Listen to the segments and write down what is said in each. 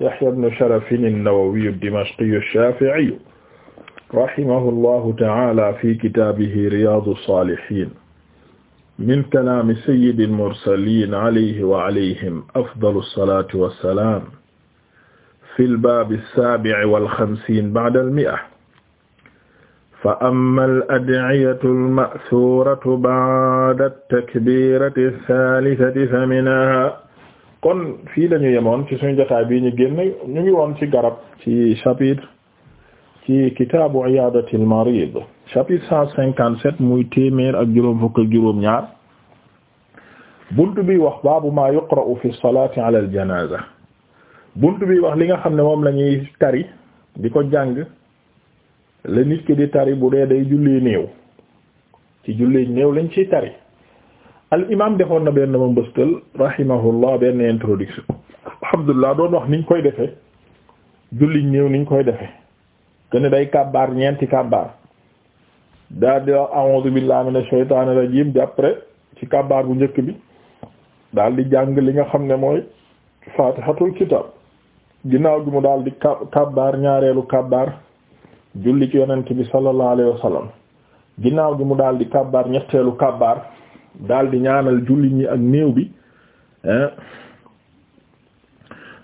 Yahya ibn Sharaf an-Nawawi ad-Dimashqi ash-Shafi'i rahimahullahu ta'ala fi kitaabihi Riyadu s-Salihin min kalaami sayyidi al-mursalin alayhi wa alayhim afdalu s-salatu wa s-salam fi al-bab as-sabi' wal-khamsin ba'da al-mi'a فأما الأدعية المأثورة بعد التكبيرة الثالثة فمنها kon fii lañu yemoon ci suñu jotaay bii ñu génn ñu ngi woon ci garab ci chapitre ci kitaabu iyaadatil marid chapitre cent cinquante sept muy téeméer ak juróom fukk ak juróom ñaar bunt bi wax baabu ma yuqra'u fi salaati ala al janaza bunt bi wax li nga xam ne moom lañuy ñuy tari di ko jàng la nit ki di tari bu dee day jullee néew ci jullee néew lañ ci tari al imam defoon na benn ma mbëstal rahimahullah benn introduction alhamdulilah doon wax niñ koy defee julliñ néew niñ koy defee kene day kabbaar ñeenti kabbaar daal di wax a'udhu billahi minash shaytanir rajim ci kabaar bu njëkk bi daal di jàng li nga xam ne mooy fatihatul kitab ginnaaw gi mu daal di ka ñaareelu kabbaar julli ci yonent bi sallallahu alayhi wa ginnaaw gi mu daal di kabbaar ñetteelu kabbaar daal di ñaanal jullit ñi ak néew bi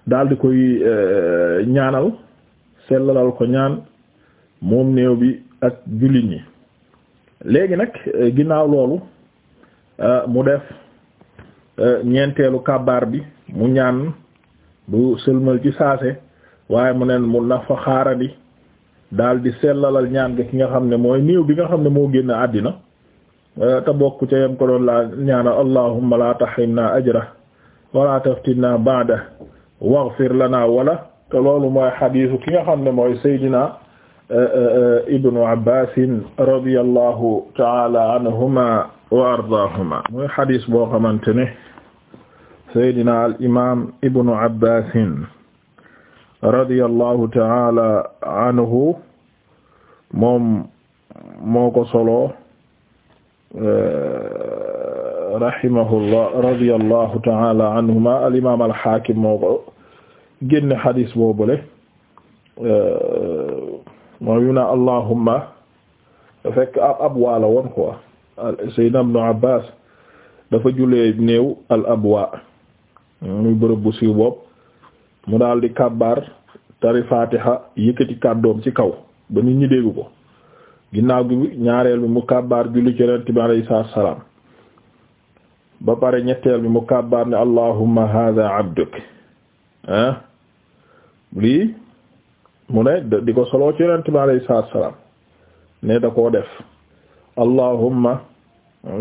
daal di koy euh, ñaanal sellalal ko ñaan moom néew bi ak jullit ñi léegi nag euh, ginnaaw loolu euh, mu def ñeenteelu kabaar bi mu ñaan du sëlmal ci saase waaye mu neen mu nafa xaarandi daal di sellalal ñaan nga ki nga xam ne mooy néew bi nga xam ne moo génn àddina Euh, te bokk ca yam ko doon laa ñaana allahumma la tahrimna ajra wala taftinna ba'da waghfir lana wala te loolu mooy xadiisu ki nga xam ne mooy Seydina euh, euh, ibnu abbasin radiyallahu taala anhuma wa ardaahuma mooy xadiis boo xamante ne Seydina al imaam ibnu abbasin radiyallahu taala anhu moom moo ko solo Euh, rahimahullah radiyallahu ta'ala anhuma al imam al hakim moo ko génne hadis boobule euh, moom yu na allahumma fekk ab abwa la woon quoi sayyidna ibn abbas dafa julee néew al abwa muy bërëb bu siiw boobu mu daal di kabbar tari fatiha yëkkati kàddoom ci kaw ba nit ñi dégg ko ginnaaw bi ñaareel bi mu kàbbaar julli ci yonent pare ñetteel bi mu kàbbaar ne allahumma hadha abduk ah lii mu ne di ko soloo ci yonent bi ne da koo def allahumma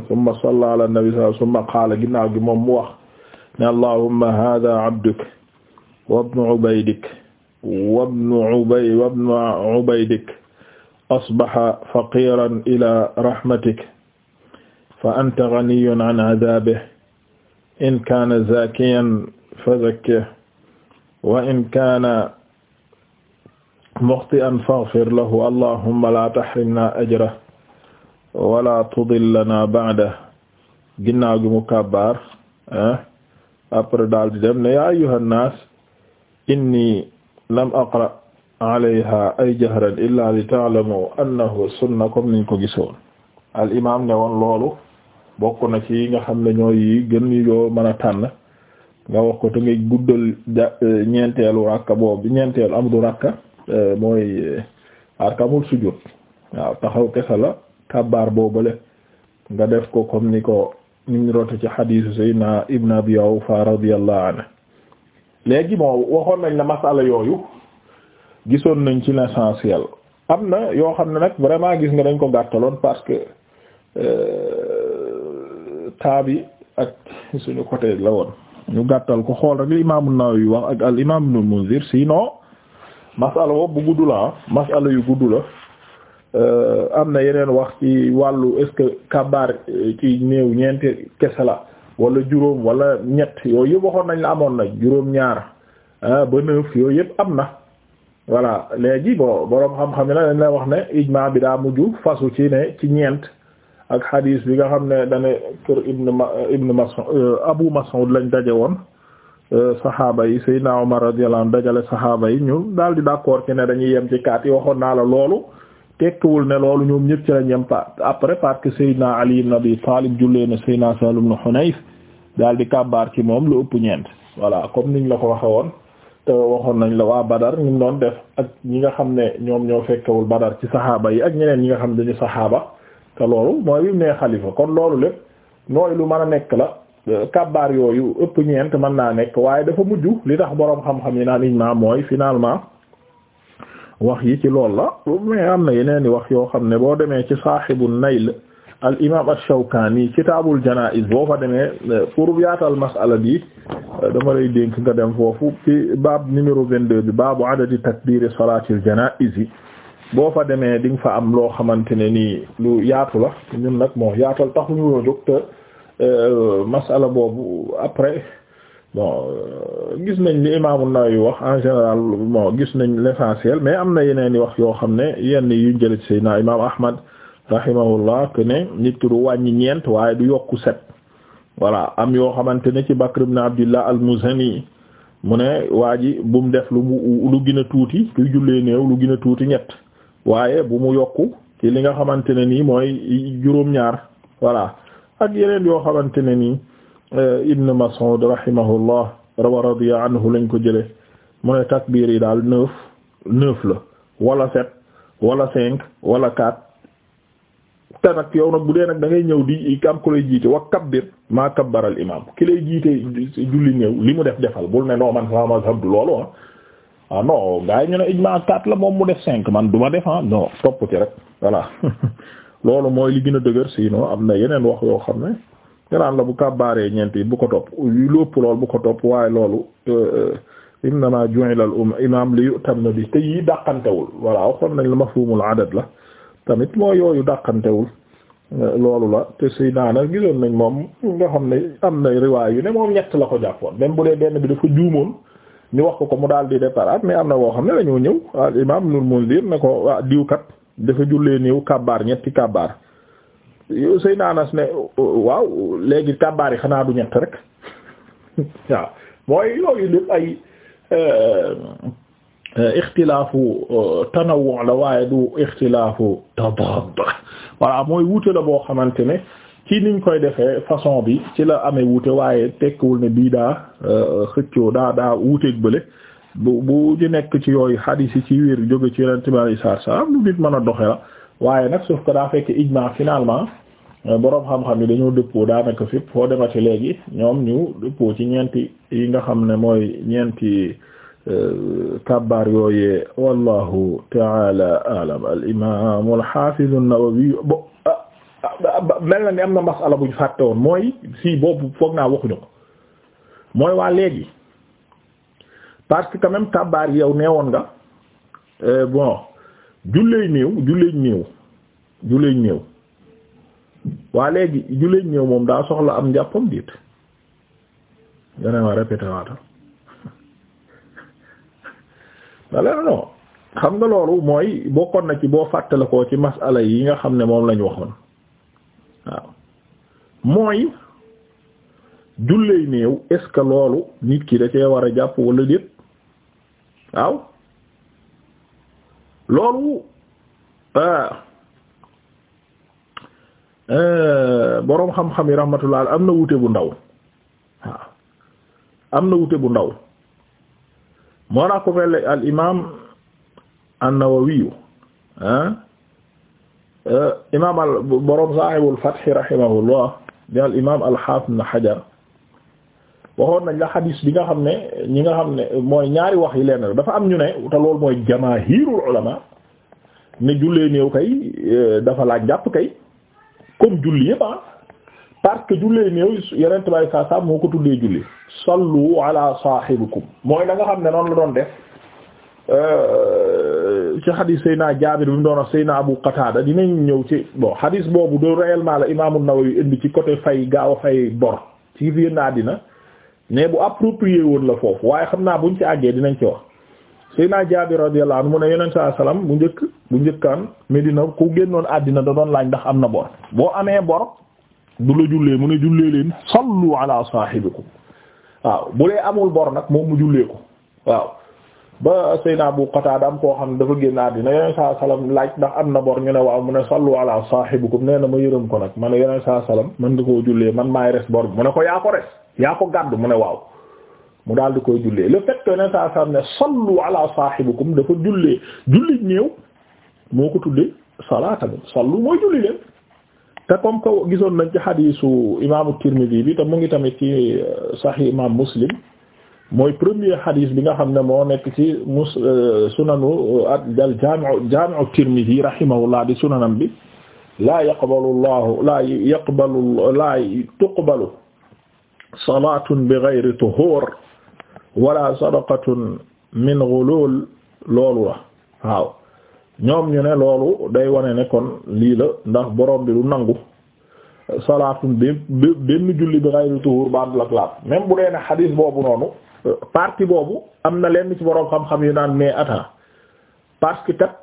summa salla ala ginnaaw gi moom mu allahumma hadha abduk wa ibnu ubaydik wa ibnu ubay asbaha faqiran ila rahmatik fa anta ganiyun an adabihi in kaana zakiyan fazakkih wa in kaana muxti'an faghfir lahu allahumma la tahrimna ajrahu wala tudillana ba'dahu ginnaaw gi mu kabbaar ah, après daal di dem ne ya ayyuhan nas inni lam aqra alayha ay jahran illa li ta'lamu annahu sunna comme niñ ko gisoon al imam ne woon loolu bokk na ci nga xam ne ñooy yi gën yoo mën a tànn nga wax ko te ngay guddal e, ñeenteelu rakka boobu ñeenteelu am du rakka e, mooy e, arkamul sujud waaw taxaw kese la kabaar boobale nga def ko comme ni ko niñ rote ci xadiisu sayyidina ibn abi awfa radiyallahu anhu léegi moo waxoon nañ la masala yooyu gisoon nañ ci l'essentiel am na yoo xam ne nag vraiment gis nga dañ ko gàttaloon parce que euh, temps bi ak suñu côté la woon ñu gàttal ko xool rek li imaamu Nawawi wax ak al imaam Ibnul Munzir sinon masala wop bu gudd la masala yu gudd la euh, am na yeneen wax ci wàllu est-ce que kabaar euh, ci néew ñeenti kese la wala juróom wala ñett yooyu yëpp waxoon nañ la amoon na juróom ñaar ah, ba neuf yooyu yëpp am na voilà léegi bon boroom xam-xam yi na la wax ne ijmaa bi daa mujj fasu ci ne ci ñeent ak hadis bi nga xam ne dane kër ibn ma ibn Mas'ud euh, Abu Mas'ud lañ daje woon euh, saxaaba yi Seydina Omar radiyallahu anhu dajale saxaaba yi ñu daal di d'accord ci ne dañuy yem ci kaat yi waxoon naa la loolu tekkiwul ne loolu ñoom ñëpp ci lañ yem pa après parce que Seydina Ali ibn Abi Talib jullee na Seydina Sahl ibn Hunayf daal di kàbbaar ci moom lu ëpp ñeent voilà comme niñ la ko waxe woon te waxoon nañ la waa Badar ñu doon def ak ñi nga xam ne ñoom ñoo fekkewul Badar ci saxaaba yi ak ñeneen ñi nga xam ne dañu saxaaba te loolu mooy bi mu xalifa kon loolu lépp nooy lu mën a nekk la kabaar yooyu ëpp ñeent mën naa nekk waaye dafa mujj li tax boroom xam-xam yi naan ijmaa mooy finalement wax yi ci loolu la mais am na yeneen i wax yoo xam ne boo demee ci saaxibul la al imaam ash-Shawkaani kitaabul janaa'iz boo fa demee pour yaatal mas'ala bi dama lay dénk nga dem foofu ci baab numéro 22 bi baabu adadi takbiiri salaatil janaa'iz boo fa demee di nga fa am loo xamante ne nii lu yaatu la ñun nag moo yaatal taxuñu woon jóg te euh, mas'ala boobu après bon euh, gis nañ li imaamu Nawawi wax en général bon gis nañ l'essentiel mais am na yeneen i wax yoo xam ne yenn yu jëlee ci Seydina imaam Ahmad. rahimahullah que ne nit ki du wàññi ñeent waaye du yokku set voilà am yoo xamante ne ci Bakr ibn Abdillah al-Muzani mu ne waa ji bu mu def lu mu lu a tuuti luy jullee néew lu gën a tuuti ñett waaye bu mu yokku ci li nga xamante ne nii mooy juróom-ñaar voilà ak yeneen yoo xamante ne nii euh, Ibn Mas'ud rahimahullah wa radiya anhu lañ ko jële mu ne takbiir yi daal neuf neuf la wala sept wala cinq wala quatre te nag yow nag bu dee nag da ngay ñëw di am ku lay jiite wa kabbir maa kabbaral imaam ki lay jiite julli ñëw li mu def defal bul ne noo man sama mazhab du loolu ah. ah non ñu ne ijmaa quatre la moom mu def cinq man du ma def ah non topp ci rek voilà loolu mooy li gën a dëgër sinon am na yeneen wax yoo xam ne gannaan la bu baaree ñeent yi bu ko topp lu ëpp loolu bu ko topp waaye loolu. naa euh, euh, innamaa ju'ila al imaam li na bi te yii dàqantewul voilà waxoon nañ la mafhumul adad la. tamit moo yooyu dàqantewul euh, loolu la te suy naanas gisoon nañ moom nga xam ne am na riwaay yu ne moom ñett la ko jàppoon même bu dee benn bi dafa juumoon ñu wax ko ko mu daal di départ mais am na woo xam ne dañoo ñëw al imam Ibnul Munzir ne ko waa diwkat dafa jullee niiw kabaar ñetti kabaar suy naanas ne waaw léegi kabaar yi xanaa du ñett rek waaw mooy yooyu lépp ay euh, Euh, ixtilaafu euh, tanawwu la waaye du ixtilaafu tadaad voilà mooy wuute la boo xamante ne kii niñ koy defee façon bi ci la amee wuute waaye tekkiwul ne bii daa euh, xëccoo daa daa wuuteeg bële bu bu ñu nekk ci yooyu xadiis yi ci wér jóge ci Yonent bi alayhi salaatu wa lu nit mën a doxe la waaye nag sauf ko daa fekk ijmaa finalement boroom xam-xam yi dañoo dëppoo daanaka fépp foo demati léegi ñoom ñu dëppoo ci ñeenti yi nga xam ne mooy ñeenti. kabbar yooyee wallahu taala alam al imam al hafiz an-Nawawi bo ah, ah, mel na ni am na masala buñ fàtte woon mooy si boobu foog naa waxuñu ko mooy waa léegi parce que quand même yi yow neewoon nga eh, bon julleey néew julleey néew julleey néew waa léegi julleey néew moom daa soxla am njàppam diit yeneen waa répété waatal wala non xam nga loolu mooy bokkoon na ci boo fàttale ko ci masala yi nga xam ne moom lañu waxoon waaw mooy julley néew est-ce que loolu nit ki da war a jàpp wala déet waaw loolu euh, euh, boroom xam-xam yi rahmatullah am na wute bu ndaw waaw am na wute bu ndaw moo naa ko mel al imaam an-Nawawi ah eh, imaam al borom Saahibul Fath rahimahullah di al imaam al-Haafiz Ibn waxoon nañ la xadiis bi nga xam ne ñi nga xam ne mooy ñaari wax yi leen dafa am ñu ne te loolu mooy jamaahirul ulama ne jullee néew kay eh, dafa laaj jàpp kay comme julli yëpp ah. parce que jullee néew yeneen tubaab saa saa moo ko tuddee julli sallu ala saahibikum mooy la nga xam ne noonu la doon def euh, ci xadis Seyna Jaabir bi mu doon wax Seyna Abu Qatada dinañ ñëw ci bon xadis boobu do réellement la imaamu Nawawi indi ci côté fay gaaw a fay bor ci biir naa dina mais bu approprié woon la foofu waaye xam naa buñ ci àggee dinañ ci wax Seyna Jaabir radiyallahu anhu mu ne yeneen saa salaam bu njëkk bu njëkkaan Medina ku génnoon àddina da doon laaj ndax am na bor boo amee bor. du la jullee mu ne jullee leen sallu ala saahibikum waaw bu dee amul bor nag moom mu jullee ko waaw ba Seydina Abu Qatada am koo xam ne dafa génn àddina yeneen saa salaam laaj ndax am na bor ñu ne waaw mu ne sallu ala saahibikum nee na ma yërëm ko nag ma ne yeneen man nga koo man maay res bor bi mu ne ko yaa ko res yaa ne waaw mu daal di koy jullee le fait que yeneen saa dafa jullee julli ñëw moo ko tuddee salaata sallu mooy julli leen. te comme que gisoon nañ ci xadisu imaamu Tirmidi bi te mu ngi tamit ci euh, Sahih imaam Muslim mooy premier xadis bi nga xam ne moo nekk ci mus euh, sunanu euh, ak dal jaami'u jaami'u Tirmidi rahimahullah di sunanam bi laa yaqbalu llahu laa yaqbalu laa tuqbalu salaatun bi ghayri tuhur wala sadaqatun min ghulul loolu la waaw ñoom ñu ne loolu day wane ne kon lii la ndax borom bi du nangu salaatum bi benn julli bi ghayru tuhur ba la ak laab même bu dee ne xadiis boobu noonu partie boobu am na lenn ci borom xam-xam yu naan mais attends parce que kat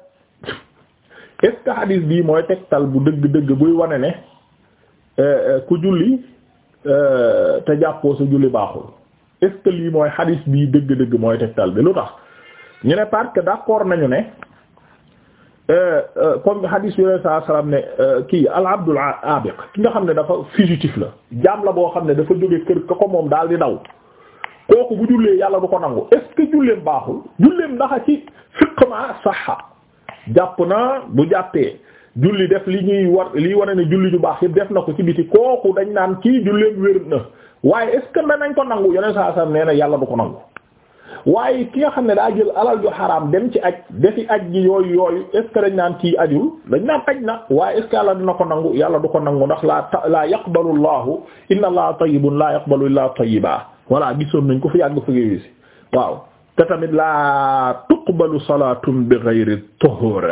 est xadiis bii mooy tegtal bu dëgg-dëgg buy wane ne euh, euh, ku julli euh, te jàppoo sa julli baaxul est lii mooy xadiis bii dëgg-dëgg mooy tegtal bi lu tax ñu ne parce que d'accord nañu ne. Euh, euh, comme hadis bi sallallahu alayhi wasallam ne euh, kii al abdul abiq ki nga xam ne dafa fugitif la jaam la boo xam ne dafa jóge kër ka ko moom daal di daw kooku bu jullee yàlla du ko nangu est-ce julleem baaxul julleem ndax ci fiq ma saxa jàpp naa bu jàppee julli def li ñuy war lii wane ne julli ju baax yi def na ko ci biti kooku dañ naan kii julleem wér na waaye est-ce que ko nangu yeneen saa sallam nee na yàlla du ko nangu waaye ki nga xam ne daa jël alal ju xaraam dem ci aj defi aj gi yooyu yooyu est ce que dañ naan kii ajul dañ naan aj na waaye est ce yàlla dina ko nangu yàlla du ko nangu ndax laa laa yaqbalu allahu inna allaha tayyibun laa yaqbalu illaa tayyiba voilà gisoon nañ ko fi yàgg fa gé si waaw te tamit laa tuqbalu salatun bi ghayri tuhur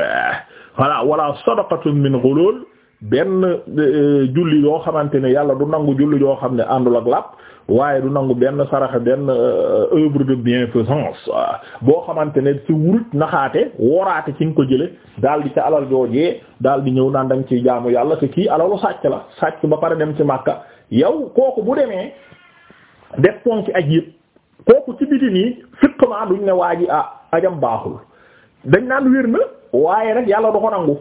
voilà wala sadaqatun min ghulul benn euh, julli yoo xamante ne yàlla du nangu julli yoo xam ne àndul ak làpp waaye du nangu benn saraxe benn euh, œuvre de bienfaisance boo xamante ne ci wurut naxaate woraate ci nga ko jële daal di ca alal joojee daal di ñëw naan da nga ciy jaamu yàlla te kii alalu sàcc la sàcc ba pare dem ci màkka yow kooku bu demee def pon ci aj yëpp kooku ci biti nii fiqement duñ ne waa ji ah, ajam baaxul dañ naan wér na waaye rek yàlla du ko nangu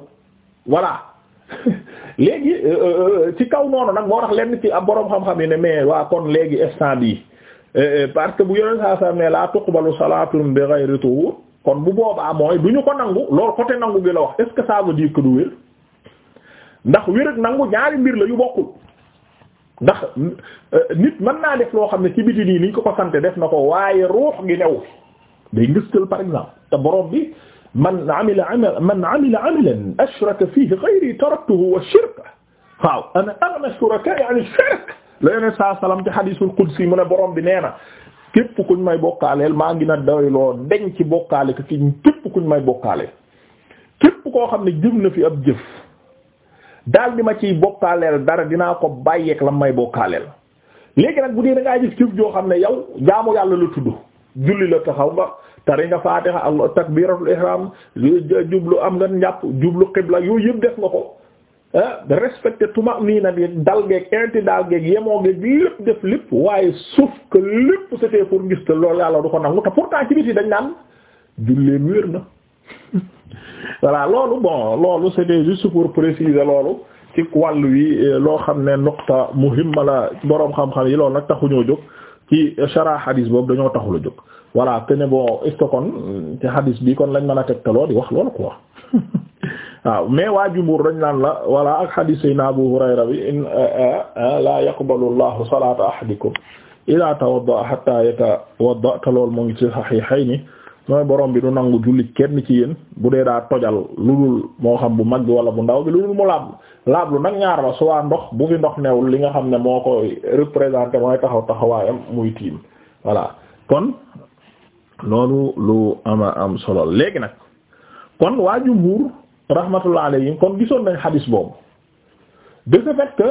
voilà léegi euh, euh, euh, ci kaw noonu nag moo tax lenn ci borom xam-xam yi ne mais waa kon léegi instant bi parce que bu yoneen saa saa ne laa tuqbalu salaatun bi ghayri tuhur kon bu boobaa mooy du ñu ko nangu loolu côté nangu bi la wax est-ce que ça veut dire du wér ndax wér nangu ñaari mbir la yu bokkul ndax nit mën naa def loo xam ne ci biti nii niñ ko ko sante def na ko waaye ruux gi new day ngëstal par exemple te borom bi man amila amalan man amila amalan ashraka fihi ghayri taraktuhu wa shirka waaw ana aghna shuraka'i an shirk la yeneen saa salaam ci hadiisul qudsi mu ne borom bi nee na képp kuñ may bokkaaleel maa ngi na doyloo deñ ci bokkaale ko ci képp kuñ may bokkaale képp koo xam ne jëf na fi ab jëf daal di ma ciy bokkaaleel dara dinaa ko bàyyeek la may bokkaaleel léegi nag bu dee da ngaa jëf jëf joo xam ne yow jaamu yàlla la tudd julli la taxaw nga tari nga faatiha allah takbiratul ihram jublu am nga njàpp jublu qibla yooyu yëpp def nga ko ah, respecté tuma'nina bi dal geeg intidaal geeg yemoo geeg lépp def lépp waaye sauf que lépp c'était pour ngis te loolu yàlla du ko nangu te pourtant ci biti dañ naan julleem wér na voilà loolu bon loolu c'était juste pour préciser loolu ci wàll wi eh, loo xam ne nuqta muhimma la boroom xam-xam yi loolu nag taxuñoo jóg ci shara boobu dañoo taxul a jóg voilà te ne bon est-ce que kon ci hadis bi kon lañ mën a tegtaloo wax loolu quoi waaw mais waa jumhur dañ naan la voilà ak hadis sayna Abu Hurayra bi in eh, eh, eh, la yaqbalu Allahu salata ahadikum ila tawadda hatta yatawadda loolu moo ngi ci mooy borom bi du nangu julli kenn ci yéen bu dee daa tojal lu dul moo xam bu mag bi wala bu ndaw bi lu dul mu laablu laablu nag ñaar la soit ndox bu fi ndox newul li nga xam ne moo koy représenté mooy taxaw taxawaayam muy tiim voilà kon loolu lu ama am solo léegi nag kon waa jumhur rahmatullah alayhi kon gisoon nañ xadis boobu de ce fait que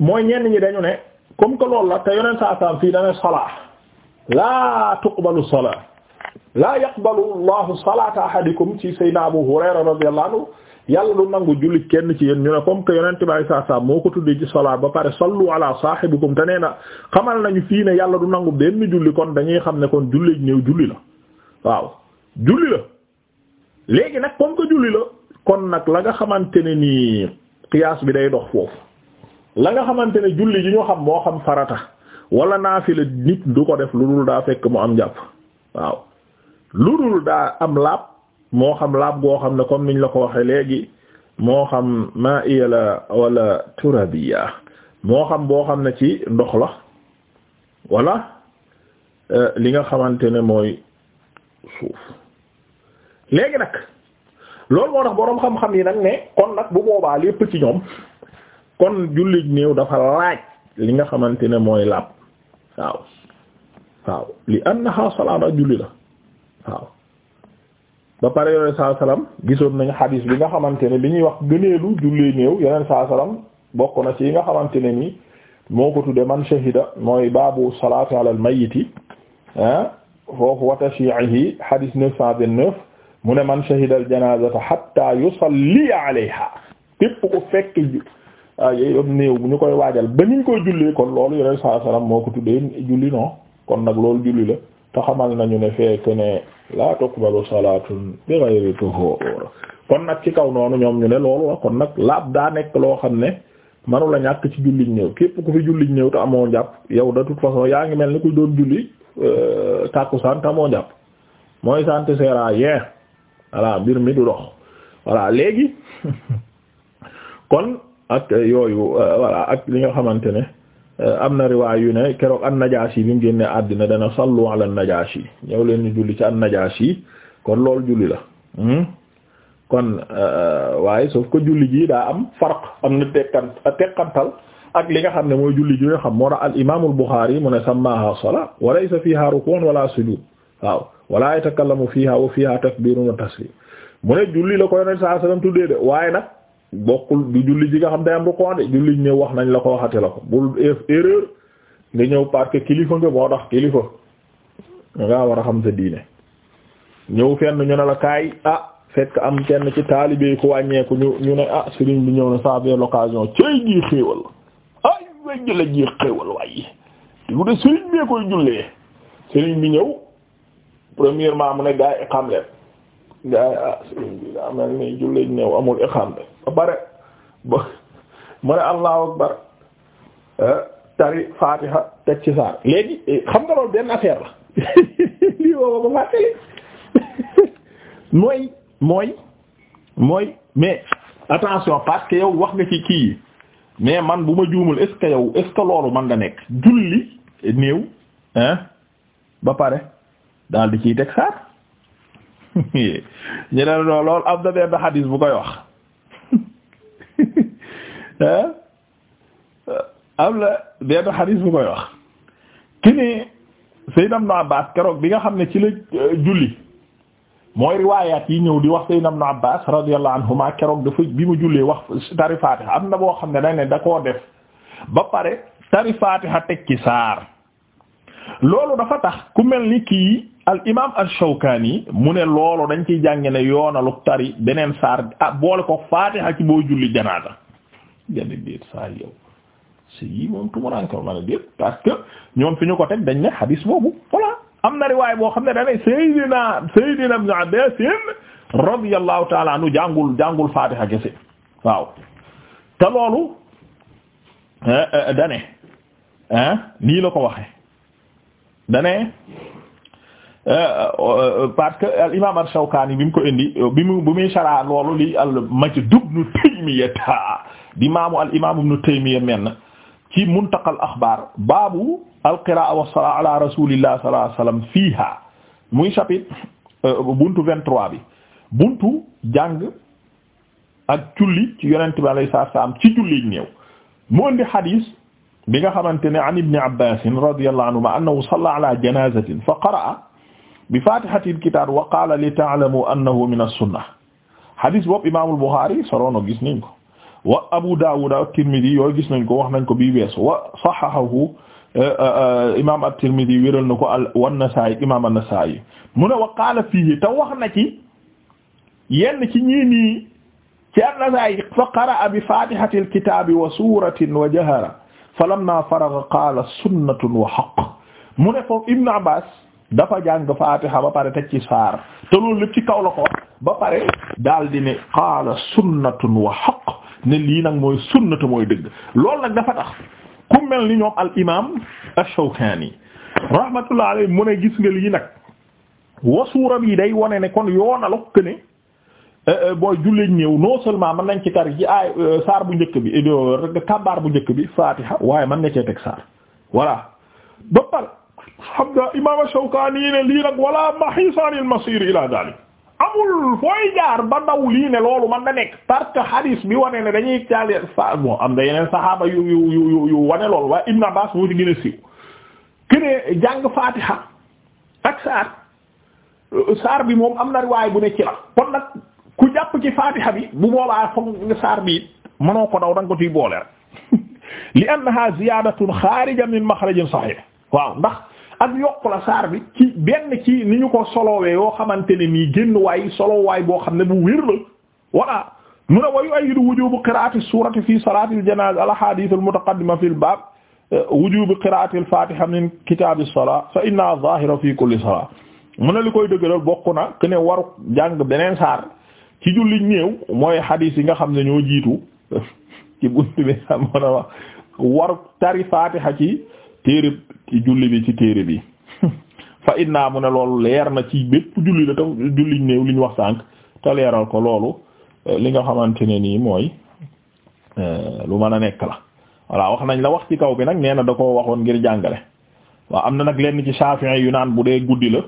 mooy ñenn ñi dañu ne comme que loolu la te yoneen saa saam fii dana salaa laa tuqbalu salaa laa yaqbalu allahu salata ahadikum ci sayna Abu Hurayra radiyallahu anhu yàlla du nangu julli kenn ci yéen ñu ne comme que yonent bi saa saa moo ko tuddee ci salaat ba pare sallu ala saahibikum te nee na xamal nañu fii ne yàlla du nangu benn julli kon dañuy xam ne kon julli néew julli la waaw julli la léegi nag comme que julli la kon nag la nga xamante ne nii qiyaas bi day dox foofu la nga xamante ne julli ji ñu xam moo xam farata wala naafila nit du ko def lu dul daa fekk mu am njàpp lu dul daa am laab moo xam laab goo xam ne comme niñ la ko waxee léegi moo xam maa iya la wala turabiya moo xam boo xam ne ci ndox la wala euh, li nga xamante ne mooy suuf léegi nag loolu moo tax boroom xam-xam yi nag ne kon nag bu boobaa lépp ci ñoom kon jullit néew dafa laaj li nga xamante ne mooy laab waaw waaw li annaha salaata julli la waaw ba pare yoneen saa salaam gisoon nañu xadiis bi nga xamante ne bi ñuy wax gëneelu jullee néew yoneen saa salaam bokk na ci yi nga xamante ne nii moo ko tuddee man shahida mooy baabu salaati ala al mayiti ah foofu wa tashiihi xadiis neuf cent vingt-neuf mu ne man shahida al janaazata hatta yusalli alayha tépp ko fekk ah, néew bu ñu koy waajal ba ñu koy jullee kon loolu yoneen saa salaam moo ko tuddee julli non kon nag loolu julli la te xamal nañu ne fekk ne la tuqbalu salaatun bi ghayri tuhur kon nag ci kaw noonu ñoom ñu ne loolu la kon nag laab daa nekk loo xam ne manu la ñàkk ci julliñ ñëw képp ku fi julliñ ñëw te amoo jàpp yow de toute façon yaa ngi mel ni ku doon julli euh, tàkkusaan te amoo jàpp mooy santé sera yeen voilà mbir mi du dox voilà léegi kon ak yooyu euh, voilà ak li nga xamante ne am na riwaay yu ne keroog an-Najaashi bi mu génne àddina dana sallu ala an-Najaashi ñëw leen ñu julli ci an-Najaashi kon loolu julli la hmm? kon euh, waaye sauf que julli ji daa am farq am na tekkantal ak li nga xam ne mooy julli ji xam moo tax al imaamul Buxaari mu ne sammaaha salaa wa laysa fiihaa rukuun wala sujuud waaw wala yatakallamu fiihaa wa fiihaa takbiirun wa tasliim mu ne julli la ko Yonent saa sallam tuddee de waaye nag. bokkul du julli ji nga xam day am ruqon de julli wax nañ la ko waxate la ko bul erreur nga ñëw parce que kilifa nga moo tax kilifa nga ngaa war a xam sa diine ñëw fenn ñu ne la kaay ah fekk am kenn ci taalibe ku wàññeeku ñu ne ah sëriñ bi ñëw na ça fait l'occasion cay jii xéewal ay way jële jii xéewal waaye lu de sëriñ bee bi ñëw premièrement mu ne gaay iqaam leen gaay ah sëriñ bi daa amul iqaam de ba bare ba mu ne allahu akbar eh, tari fatiha teg ci saar léegi eh, xam nga loolu benn affaire la lii booba ba fàttali mooy mooy mooy mais attention parce que wax nga ci kii mais man bu ma juumul est-ce que loolu man nga nekk julli néew hein ba pare daal di ciy teg saar ñu ne loolu am na benn xadiis bu koy wax Euh, am la benn xadiis bu koy wax ki ni Seydina Ibn Abbas keroog bi nga xam ne ci la euh, julli mooy riwaayaat yi ñëw di wax Seydina Ibn Abbas radiyallahu anhuma keroog dafa bi mu jullee wax tari Faatiha am na boo xam ne dañ ne da koo def ba pare tari Faatiha teg ci saar loolu dafa tax ku mel ni kii al imaam ash-Shawkaani mu ne loolu dañ ciy jànge ne yoonalu tari beneen saar ah boole ko Faatiha ci boo julli janaata nga ne saa yow si yi moom tumuranke ma ne parce que ñoom fi ñu ko teg dañ ne xadiis boobu voilà am na riwaay boo xam ne dane Seydina Seydina Ibn Abbas radiyallahu taala jàngul jàngul Fatiha kese waaw te loolu eh, eh, dane eh, nii la ko waxe dane parce que al imam al Shawkani bi mu ko indi bi muy sara loolu li al Majdub ibn Taymiyya di maamu al imam ibnu Taymiyya menn ci muntaqal axbaar baabu alqiraa wa salaa ala rasulillah sallallahu alayhi wasallam fiiha muy chapitre euh, buntu 23 bi buntu jàng ak julli ci yonent bi alayhi salaam ci julli néew mu indi hadis bi nga xamante ne an ibni abbasin radiyallahu anhuma annahu salla ala janazatin fa qaraa bi fatihatil kitab wa qala li ta'lamu annahu min as-sunnah hadis boobu imaamul Bukhari sorono gis nañ ko wa Abu Dawud at-Tirmidhi yooyu gis nañ ko wax nañ ko bii wees wa sahahahu eh, eh, imam at-Tirmidhi wéral na ko al wan-Nasa'i imam an-Nasa'i mu ne wa qaala fiihi te wax na ci yenn ci ñii nii ci an-Nasa'i fa qara'a bi fatihati al-kitabi wa suratin wa jahara falamma faragha qaala sunnatun wa haqq mu ne foofu Ibn Abbas dafa jàng fatiha ba pare teg ci saar te loolu lépp ci kaw la ko ba pare daal di ne qaala sunnatun wa haqq ne lii nag mooy sunna te mooy dëgg loolu nag dafa tax ku mel ni ñoom al imaam ash-Shawkaani rahmatullah alayhi mu ne gis nga lii nag wasuura bi day wane ne kon yoonalu que ne eh, eh, booy jullit ñëw non seulement mën nañ ci tar ci aay eh, saar bu njëkk bi kabaar bu njëkk bi faatiha waaye mën nga cee teg saar voilà ba pare xam imaam ash-Shawkaani ne lii nag wala mahiisaanil masiir ila daalik amul fooy jaar ba daw ne loolu man da nekk parce que hadis bi wane ne dañuy caale sa bon am na yeneen saxaaba yu yu yu yu wane loolu waaye Ibn Abbas moo ci gën a siiw keneen jàng Fatiha ak saar saar bi moom am na riwaay bu ne ci la kon nag ku jàpp ci Fatiha bi bu boobaa foog saar bi it mënoo ko daw da nga ko ciy boole rek li annaha ziyadatun xaarija min maxrajin saxiix waaw ak yokk la saar bi ci benn ci ni ñu ko solowee yoo xamante ne nii génn waay waay boo xam ne bu wér la voilà mu ne wayu ayyidu wujubu qiraati surati fi salati al janaaza al ahadith al mutaqaddima fi al baab wujubu qiraati al fatiha min kitab as salaa fa inna zahira fi kulli salaa mu ne li koy dëgëral bokk na ke ne waru jàng beneen saar ci julli ñëw mooy hadith yi nga xam ne ñoo jiitu ki buntu bi xam mën waru tari fatiha ci téere ci julli bi ci téere bi fa inna mu ne loolu leer na ci bépp julli la te julliñ néew liñ wax sànq te leeral ko loolu eh, li nga xamante ne nii mooy eh, lu mën a nekk la voilà wax nañ la wax ci kaw bi nag nee na da ko waxoon ngir jàngale waaw am na nag lenn ci Shafi'i yu naan bu dee guddi la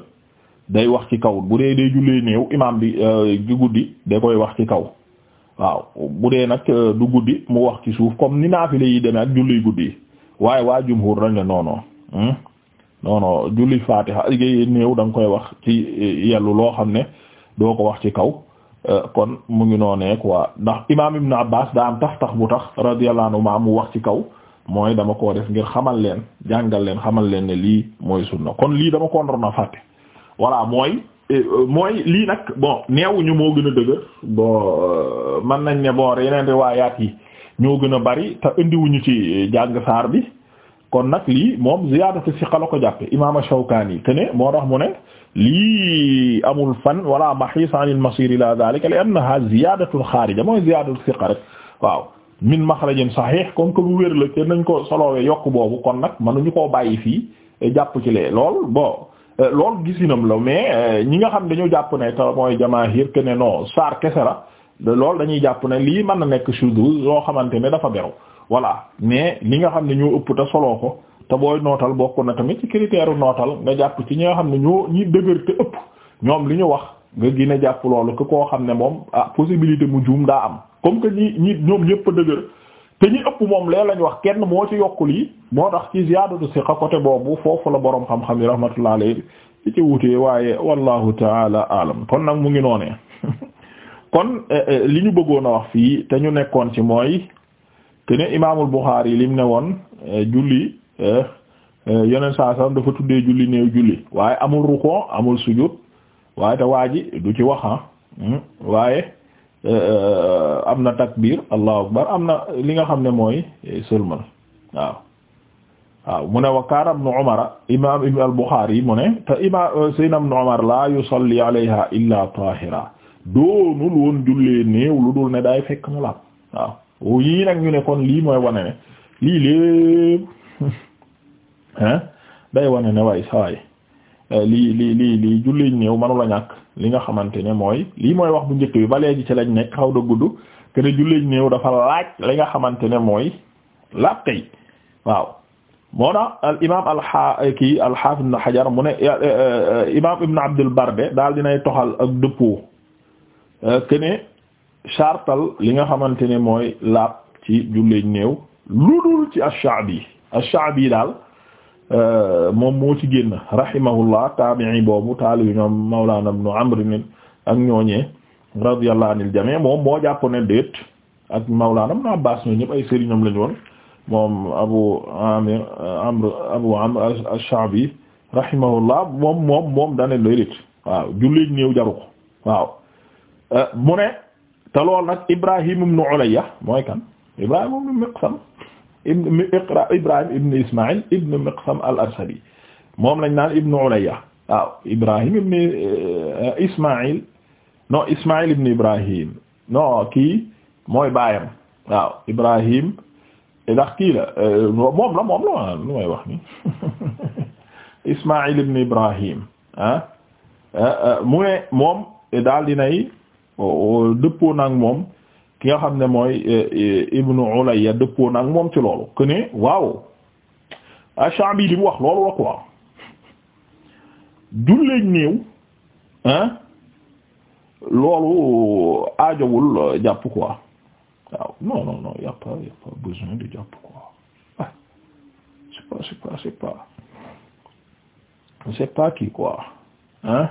day wax ci kaw bu dee day jullee néew imaam bi eh, di guddi da koy wax ci kaw waaw bu dee nag du guddi mu wax ci suuf comme ni naafile yi demee ak julli guddi yi waaye waa jumhur dañ ne noono hmm? noono julli fatiha néew da nga koy wax ci eh, yellu loo xam ne doo ko wax ci kaw eh, kon mu ngi noonee quoi ndax imam ibn abbas daa am tax tax bu tax radiyallahu anhu ma am mu wax ci kaw mooy dama ko def ngir xamal leen jàngal leen xamal leen ne lii mooy na kon lii dama ko ndor na fàtte voilà mooy eh, mooy lii nag bon neewuñu moo gën a dëgër bon euh, mën nañ ne bon yeneen riwaayaat yi ñoo gën a bari te indiwuñu ci eh, jàng saar bi kon nag lii moom ziyaadatu siqa la ko jàppe imaam Shawkaani te ne moo tax mu ne lii amul fan wala maxiis an il masir ila daalika li xaar ziyaadatun xaarija mooy ziyaadatu siqa rek waaw min maxrajin saxiix comme que bu wér la te nañ ko solowee yokk boobu kon nag ñu koo bàyyi fii eh, jàpp ci lee lool bon eh, lool gisinam la mais ñi nga xam dañu jàpp ne te mooy jamaahir que ne saar kese la loolu dañuy jàpp na lii mën na nekk suduz loo xamante ne dafa beru voilà mais li nga xam ne ñoo ëpp te soloo ko te booy nootal bokk na tamit ci critère nootal nga jàpp ci ñi nga xam ne ñoo ñi dëgër te ëpp ñoom li ñu wax nga gën a jàpp loolu ko koo xam ne moom ah possibilité mu juum daa am comme que ñi ñi ñoom ñëpp a dëgër te ñi ëpp moom lee lañ wax kenn moo ci yokkul yi moo tax ci ziyaadatu siqa côté boobu foofu la boroom xam-xam yi rahmatullah alayhi ci ci wutee waaye wallahu taala alam kon nag mu ngi noonee kon eh, eh, li ñu bëggoon a wax fii te ñu nekkoon ci mooy te ne imaamul Buxaari yi lim ne woon eh, julli yeneen saa salam dafa tuddee julli néew julli waaye amul rukkoo amul sujud waaye te waa ji du ci wax ah. hmm? waaye am na takbir allahu akbar am na li nga xam ne mooy sëlmal waaw waaw mu ne wa kaana ibnu imaam ibnu al-Buxaari yi mu ne te imaam sayyidina ibnu Umar la yusalli alayha illa tahira doonul woon jullee néew lu dul ne daay fekk mu laab waaw yii nag ñu nekkoon lii mooy wane ne lii lépp hein day wane ne waay sawaay eh, lii lii lii lii julli néew manu ñàkk li nga xamante ne mooy lii mooy wax bu njëkk bi ba léegi ci lañ nekk xaw da gudd que ne julli néew dafa laaj li nga xamante ne mooy laab tey waaw moo tax al imaam al xa eh, kii al xaafid ibn mu ne eh, imaam ibn Abdul Barde daal dinay toxal ak dëppoo Euh, que ne chartal li nga xamante ne mooy laab ci jullit néew lu dul ci ash-Sha'bi ash-Sha'bi daal euh, moom moo ci génn rahimahullah taabi'i boobu taalibi ñoom Mawlana ibn Amr ak ñooñee radiyallahu anil jami' moom moo jàpp ne déet ak Mawlana ibn Abbas ñoo ñëpp ay sëriñam lañu woon moom Abu Amir Amr Abu Amr ash-Sha'bi rahimahullah moom moom moom dane déedéet waaw jullit néew jaru ko waaw Euh, mu ne te loolu nag Ibrahim ibn Ulayya mooy kan Ibrahim ibn Miqsam ibn Iqra Ibrahim ibn Ismaïl ibn Miqsam al-Asadi moom lañ naan ibn Ulayya waaw Ibrahim ibn euh, Ismaïl non Ismaïl ibn Ibrahim non kii mooy baayam waaw Ibrahim ndax kii la euh, moom la moom la lu wax ni Ismaïl ibn Ibrahim ah mu ne moom daal dinay dëppoo nag moom ki nga xam ne mooy e, e, ibnu Ulayya dëppoo nag moom ci loolu que ne waaw Ash-Sha'bi li mu wax loolu la quoi julleeg néew ah loolu aajowul jàpp quoi waaw non non non y a pas y a pas besoin de jàpp quoi ah c'est pas c'est pas c'est pas c'est pas qui quoi ah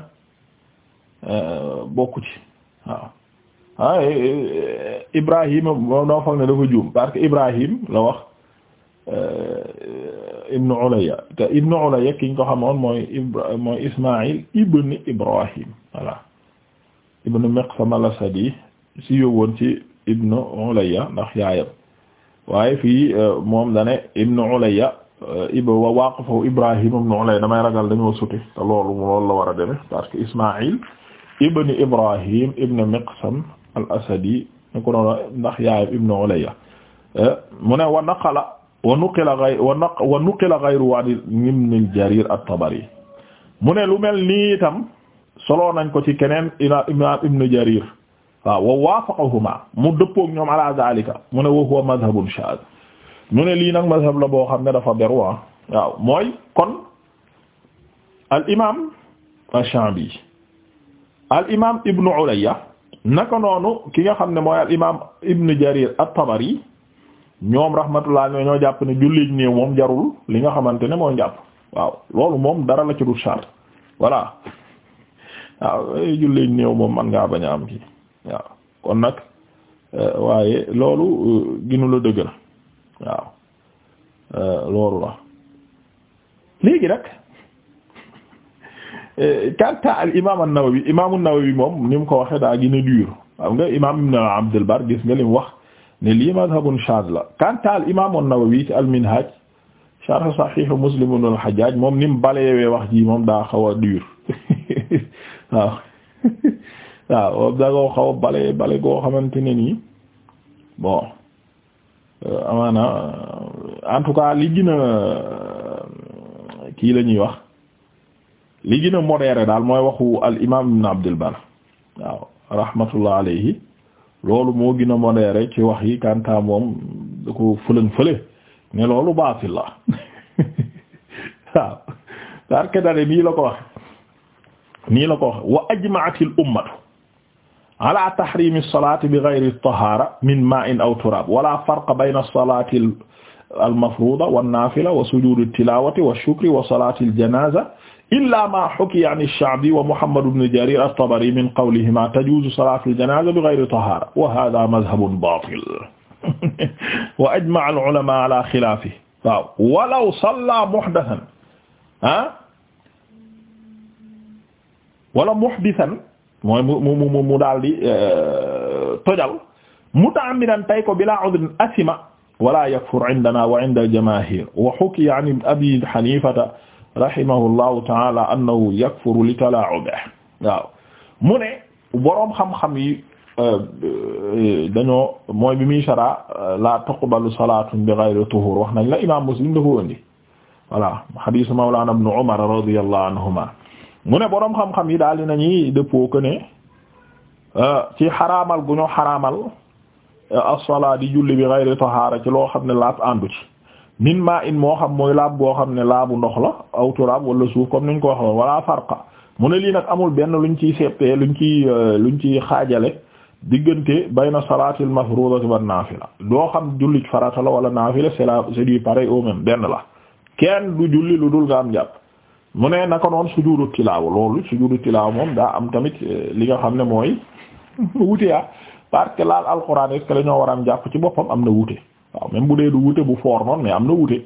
bokku ci. waaw ah, ah eh, eh, Ibrahima moom dama foog ne dafa juum parce Ibrahim la wax euh, Ibn Ulayya te Ibn Ulayya ki ñu ko xamoon mooy Ibra mooy Ismaïl Ibn Ibrahim voilà Ibn Miqsam al-Asadi si yowoon ci Ibn Ulayya ndax yaayam waaye fii euh, moom da ne Ibn Ulayya euh, Iba wa Ibrahim ibn Ulayya damay ragal dañoo suti te loolu loolu la war a demee parce que Ismaïl. ibn Ibrahim ibn Miqsam al-Asadi ibn Ulayya eh, mu ne wa naqala wa nuqila ghayr wa nuqila ghayru an ibn jarir at mu ne lu mel nii itam solo nañ ko ci keneen ila wa mu dëppook ñoom ala zalika mu ne wa huwa madhabun shaad ne lii nag madhab la boo xam ne mooy kon al imam ash-Sha'bi al imaam Ibn Ulayya naka noonu ki nga xam ne mooy al imaam Ibn Jarir at-Tabari ñoom rahmatullah ñoo jàpp ne jullit néew moom jarul li nga xamante ne mooy jàpp waaw loolu moom dara la ci du chart voilà waaw jullit ñi moom man ngaa bañ am ki waaw kon nag euh, waaye loolu euh, ginu la dëgg la waaw euh, loolu la léegi nag. Eh, kanta al imam an-Nawawi imam an-Nawawi moom ni ko waxee daa gën a dur xam nga imam ibn Abdul Bar gis nga li wax ne lii madhabun shadh la kanta al imam an-Nawawi ci al-Minhaj sharh Sahih Muslim ibn al-Hajjaj moom ni mu baleewee wax ji moom daa xaw a dur waaw waaw moom daa koo bale goo xamante ne nii bon euh, amaana en tout cas li gën euh, kii la ñuy wax li gën a modéré daal mooy waxu al imaam ibn Abdul Bar waaw rahmatullah alayhi loolu moo gën a modéré ci wax yi kanta moom da ko fëlën fële ne loolu baatil la waaw parce que dane nii la ko wax nii la ko wax wa ajma'atil ummatu ala tahrimi as-salati bi ghayri at-tahara min ma'in aw turab wala farqa bayna as-salati al-mafruda wan-nafila wa sujudi at-tilawati wash-shukri wa salati al-janaza illa ma hukiya an ash-Sha'bi wa Muhammad ibn Jarir at-Tabari min qawlihima tajuzu salatu al-janaza bi ghayri tahara wa hadha madhhabun batil wa ajma'a al-ulama ala khilafihi waaw walaw salla muhdathan ah wala muhdisan mooy mu mu mu mu daal di eh, tojal mutaamidan tay ko bila udrin asima wala yakfur indana wa inda al-jamaahir wa hukiya an Abi Hanifata rahimahullahu taala annahu yakfuru li talaa'ubihi waaw mu ne boroom xam-xam yi euh, euh, daño mooy bi muy sara euh, la tuqbalu salaatun bi ghayri tuhur wax nañ la imaam Muslim dafa wëndi voilà hadiisu mu ne boroom xam-xam yi daal di nañuy dëppoo ko ne ci xaraamal gu ñu xaraamal as-salaat di julli bi ghayri tahaara ci loo xam ne laat min maa in moo xam mooy laab boo xam ne laabu ndox la aw turaab wala suuf comme niñ ko wax woon wala mu ne lii nag amul benn luñ ciy seppee luñ ciy euh, luñ ciy xaajale diggante bayna salaatil mafruudati wan naafila doo xam julli farata la wala naafila c'est la c'est du pareil au même benn la kenn du julli lu dul nga am jàpp mu ne naka noon sujudu tilaawa loolu sujudu tilaawa moom daa am tamit euh, li nga xam ne mooy wute yaa ah. parce que laal alxuraan est-ce que la ñoo war a am jàpp ci boppam am na wute waaw même bu dee du wute bu foor noonu mais am na wute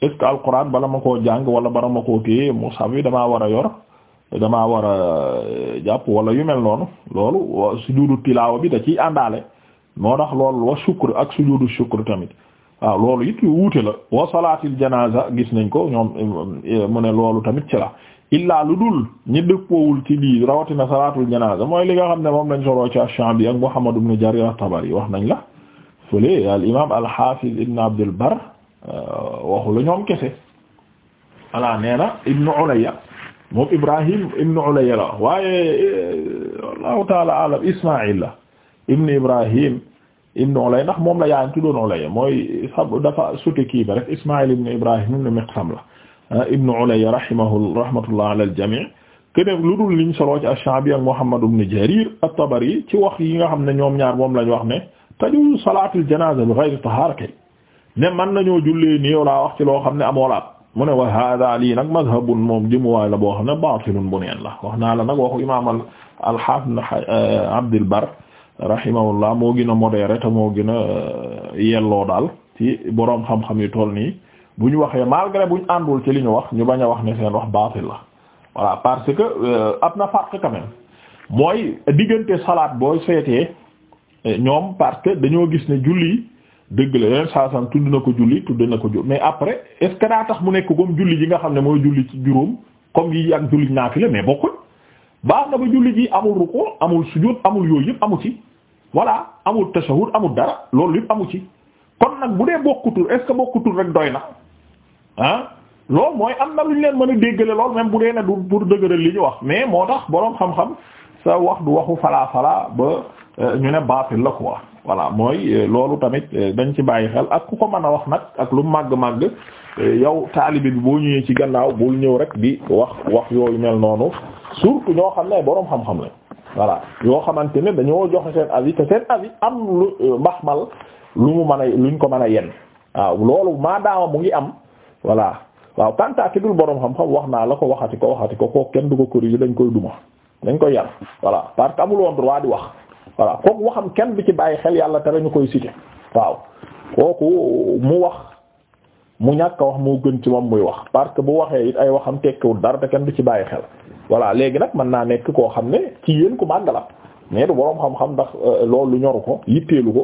est-ce que bala ma koo jàng wala bala ma koo téye mushaf yi damaa war a yor damaa war a euh, jàpp wala yu mel noonu loolu sujudu tilaawa bi da ciy àndaale moo tax loolu wa shukr ak sujudu shukr tamit waaw loolu it wuute la wa salaatil janaza gis nañ ko ñoom euh, mu ne loolu tamit ci la illaa lu dul ñi dëppoowul ci lii rawatina salaatul janaza mooy li nga xam ne moom nañ soroo ci Shaabi ak Muhammad ibn Jarir at wax nañ la fële al imaam al xaafiz ibn Abdul Bar euh, waxu la ñoom kese ala nee na ibn Ulayya moom Ibrahim ibn Ulayya la waaye euh, wallahu taala alam Ismaa'il la ibn Ibrahim ibn Ulayya ndax moom la yaayam tuddoon Ulayya mooy sab dafa kii ba rek Ismaa'il ibn Ibrahim ibn Miqsam la ah, ibn Ulayya rahimahu rahmatullah ala al jamii keneen lu dul liñ soloo ci ash-Sha'bi ak Muhammad ibn Jarir at-Tabari ci wax yi nga xam ne ñoom ñaar moom ñoo wax ne tajuuzu salaatul janaaza bi ghayri tahaara kay ne man nañoo jullee nii yow wax ci loo xam ne amoo laab mu ne wa haadaa lii nag mazhabun moom jëmuwaay la boo xam ne baatilun bu neen la wax naa la nag waxu imaam al-Haafiz eh, Abdul Barr rahimahullah moo gën a modéré te moo gën a eh, yelloo daal ci boroom xam-xam yu toll nii bu ñu waxee malgré bu ñu àndul ci li ñu wax ñu bañ a wax ne seen wax baatil la voilà parce que eh, am na farq quand même mooy diggante salaat booy seetee. Eh, ñoom parce que dañoo gis ne julli dëgg la yeneen saa san tudd na ko julli tudd na ko mais après est daa tax mu nekk comme julli ji nga xam ne mooy julli ci juróom comme yi ak julli naafila mais bokkul baax na ba julli ji amul ruku amul sujud amul yooyu yëpp amu ci voilà amul tashahhud amul dara loolu yëpp amu ci kon nag bu dee bokkutul est ce rek doy na ah loolu mooy am na lu ñu leen mën a déggale lool même bu dee ne du pour dëgëral li ñu wax mais moo tax boroom xam-xam du waxu falaa ba ñu ne baatil la quoi voilà mooy euh, loolu tamit euh, dañ ci bàyyi xel ak ku ko mën a wax nag ak lu màgg-màgg euh, yow taalibe bi boo ñëwee ci gannaaw bul ñëw rek di wax wax yooyu mel noonu surtout ñoo xam ne boroom xam-xam la voilà yoo xamante ne dañoo joxe seen avis te seen avis am lu mbaxmal lu mu man a luñ ko man a yenn waaw loolu maadaama mu ngi am voilà waaw tant ki dul boroom xam-xam wax naa la ko waxati ko waxati ko koo kenn du ko corriger dañ koy duma dañ koy yar voilà parce que amul di wax. voilà kooku waxam kenn du ci bàyyi xel yàlla tere ñu koy citer waaw kooku mu wax mu ñàkk a wax moo gën ci moom muy wax parce que bu waxee it ay waxam tekkiwul dara te kenn du ci bàyyi xel voilà léegi nag mën naa nekk koo xam ne ci yéen ku màgg la mais du boroom xam-xam ndax euh, loolu ñoru ko yitteelu ko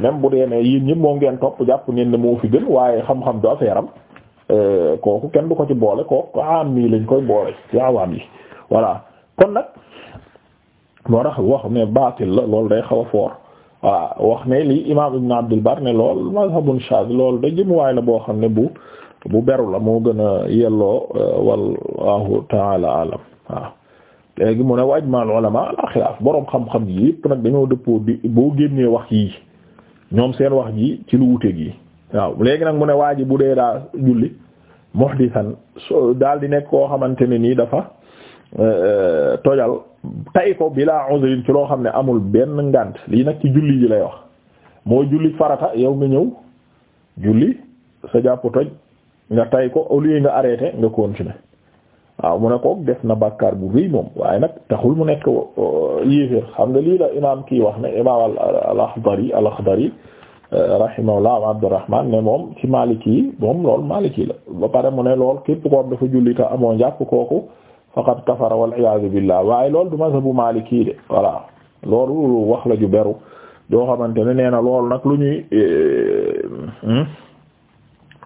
même bu dee nee yéen ñëpp moo ngeen topp jàpp ngeen ne moo fi gën waaye xam-xam du affaire am euh, kooku kenn du ko ci boole kooku am nii lañ koy boole ci awaam yi moo tax wax ne baatil la lool day xaw a foor voilà wax ne lii imaam ibn Abdul Bar ne lool mazhabun shaz loolu da waay la boo xam ne bu bu beru la moo gën a yelloo euh, wallahu taala alam waaw léegi mu ne wa ajma'ul ulama xilaaf boroom xam-xam yi yëpp nag dañoo dëppoo di boo génnee wax yii ñoom seen wax ji ci lu wute gi waaw léegi nag mu ne waa ji bu dee daa julli muhdisan daal di nekk koo xamante ne nii dafa euh, euh, tojal tay ko bilaa uzrin ci loo xam ne amul benn ngànt lii nag ci julli yi lay wax moo jullit farata yow ma ñëw julli sa jàpp toj nga tay ko au lieu nga arrêté nga continuer waaw mu ne ko def na bàkkaar bu rëy moom waaye nag taxul mu nekk euh, yéeféer xam nga lii la imaam kii wax ne imaam al-Akhdari al-Akhdari euh, rahimahullah Abdurrahman ne moom ci Maliki yi moom loolu Maliki la ba pare mu ne lool képp ko am dafa julli te amoo njàpp kooku faqad kafara wal iyaazu billah waaye loolu du mazhabu maliki de voilà loolu wax la ju beru doo xamante ne nee na loolu nag lu ñuy eh, hmm?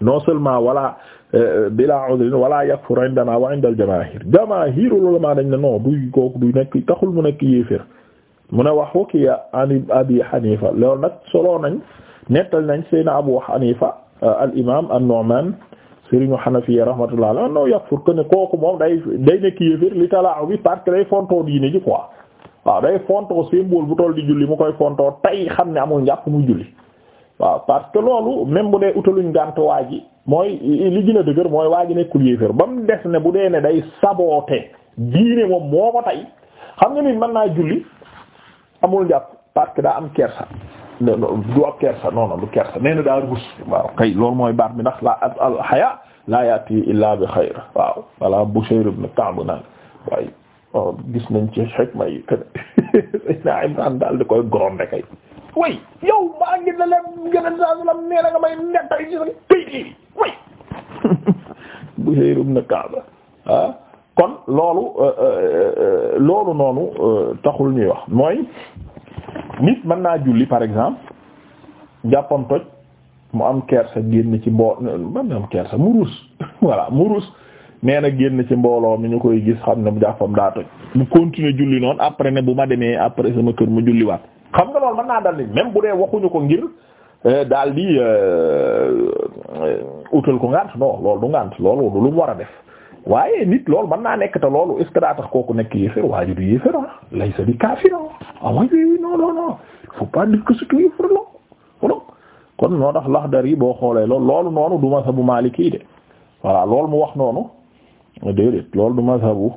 non seulement wala eh, bila udrin wala yakfur indana wa inda al jamaahir jamaahir ulama dañ ne non du kooku du nekk taxul mu nekk yéefér mu ne wax wakiya an abi hanifa loolu nag solo nañ nettal nañ seyna abu hanifa eh, al imam an-nu'man sëriñu Hanafiya rahmatullah ala no yakfur que ne kooku moom day day nekk yéefér li talaaw bi parce que day fontoo diine ji quoi waaw day fontoo symbole bu toll di julli mu koy fontoo tey xam ne amul njàpp muy julli waaw parce que loolu même bu dee utaluñ ngànt waa ji mooy li gën a dëgër mooy waa ji nekkul yéefér ba mu des ne bu dee ne day saboote diine moom moo ko tey xam nga nit man naa julli amul njàpp parce daa am kersa du ak kersa non non du kersa nee na daa kay loolu mooy baat mi ndax la al haya la yati illa bi xayr waaw wala oh, gis nañ ci xikma yi que Seydina Imraan daal di koy grondé kay. way yow maa ngi ne leen gën a saasalam nee na nga may nettali ci sa këyit yi way Bushayr ibn Ka'b ah. kon loolu euh, euh, euh, loolu noonu taxul ñuy wax mooy. nit mën naa julli par exemple jàppam toj mu am kersa génn ci mbool man am kersa mu ruus voilà mu ruus nee génn ci mbooloo mi ñu koy gis xam ne mu jàppam daa toj mu continuer julli noonu après ne bu ma demee après sama kër mu julliwaat xam nga lool mën naa dal ni même bu dee waxuñu ko ngir eh, daal di eh, eh, utal ko ngànt non loolu du ngànt loolu du lu mu war a def waaye nit loolu mën naa nekk te loolu est-ce daa tax kooku nekk yéefér waaju du yéefér ah, bi kaafir a ah. ah, waaju non non non faut pas dire que c'est yéefér la kon noo tax laxdar yi boo xoolee loolu loolu noonu du mazhabu Maliki de voilà lool mu wax noonu déedéet loolu du mazhabu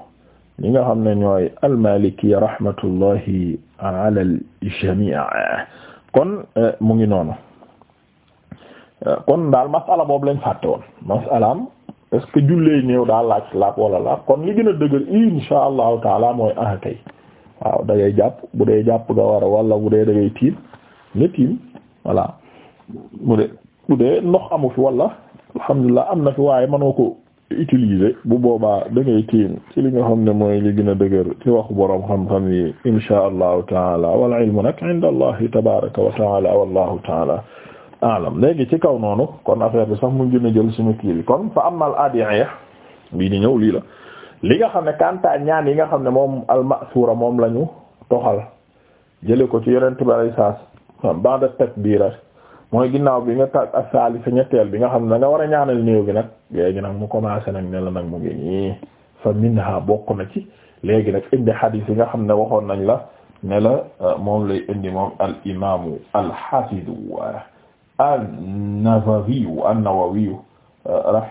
ñi nga xam ne ñooy al-Maliki rahmatullahi ala al kon euh, mu ngi noonu euh, kon daal masala boobu lañ fàtte woon masalaam est-ce que jullee néew daa laaj laab wala laab kon li gën a dëgër insha allahu taala mooy ah kay waaw da jàpp bu dee jàpp nga war a wala bu dee da ngay tiim nga tiim voilà bu dee ndox amu fi wala alhamdulilah am na fi waaye mënoo ko utiliser bu boobaa da ngay tiim ci li nga xam ne mooy li gën a dëgër ci wax boroom xam-xam yi insha allahu taala wal ilmu nag inda allahi wa taala wallahu taala alam léegi ci kaw noonu kon affaire bi sax mu gën a jël suñu kii bi kon fa amal adiya bii di ñëw lii la li nga xam ne kanta ñaan yi nga xam ne moom almasura moom lañu toxal jële ko ci yonent bi alay saas ba'da takbira mooy ginnaaw bi nga tag ak saali ñetteel bi nga xam ne da war a ñaanal néew bi nag léegi nag mu commencé nag ne la nag mu ngi nii fa minha bokk na ci léegi nag indi xadiis yi nga xam ne waxoon nañ la ne la moom lay indi moom al imaamu al an-Nawawiyu an-Nawawiyu uh, la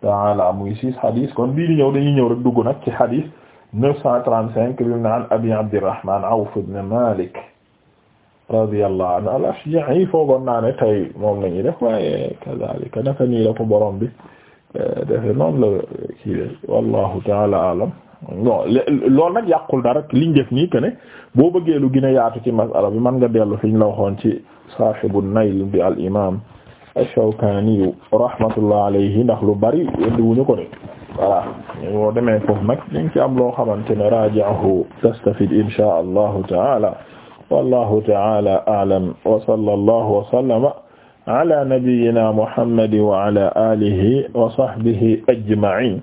ta'ala muy six hadis kon bii di ñëw dañuy ñëw rek dugg nag ci hadis neuf cent trente Abi Abdirrahman Awf ibn Malik radiyallahu anhu al-Ashja'i foogoon naa ne tey moom la ñuy def waaye kazaalika naka nii la ko bi uh, defe ta'ala a'lam bon loolu nag yàqul dara liñ def nii que ne boo bëggee lu gën a yaatu ci masala bi mën nga dellu fi ñu la waxoon ci saaxibu nayl bi al imaam ash-Shawkaani rahmatullah alayhi ndax lu bari indiwuñu ko de voilà boo demee foofu nag dañ ci am loo xamante ne raaji'uhu tastafid inshaa allahu taala wallahu taala a'lam wa sallallahu wa sallama ala nabiyyina muhammadin wa ala alihi wa sahbihi ajma'in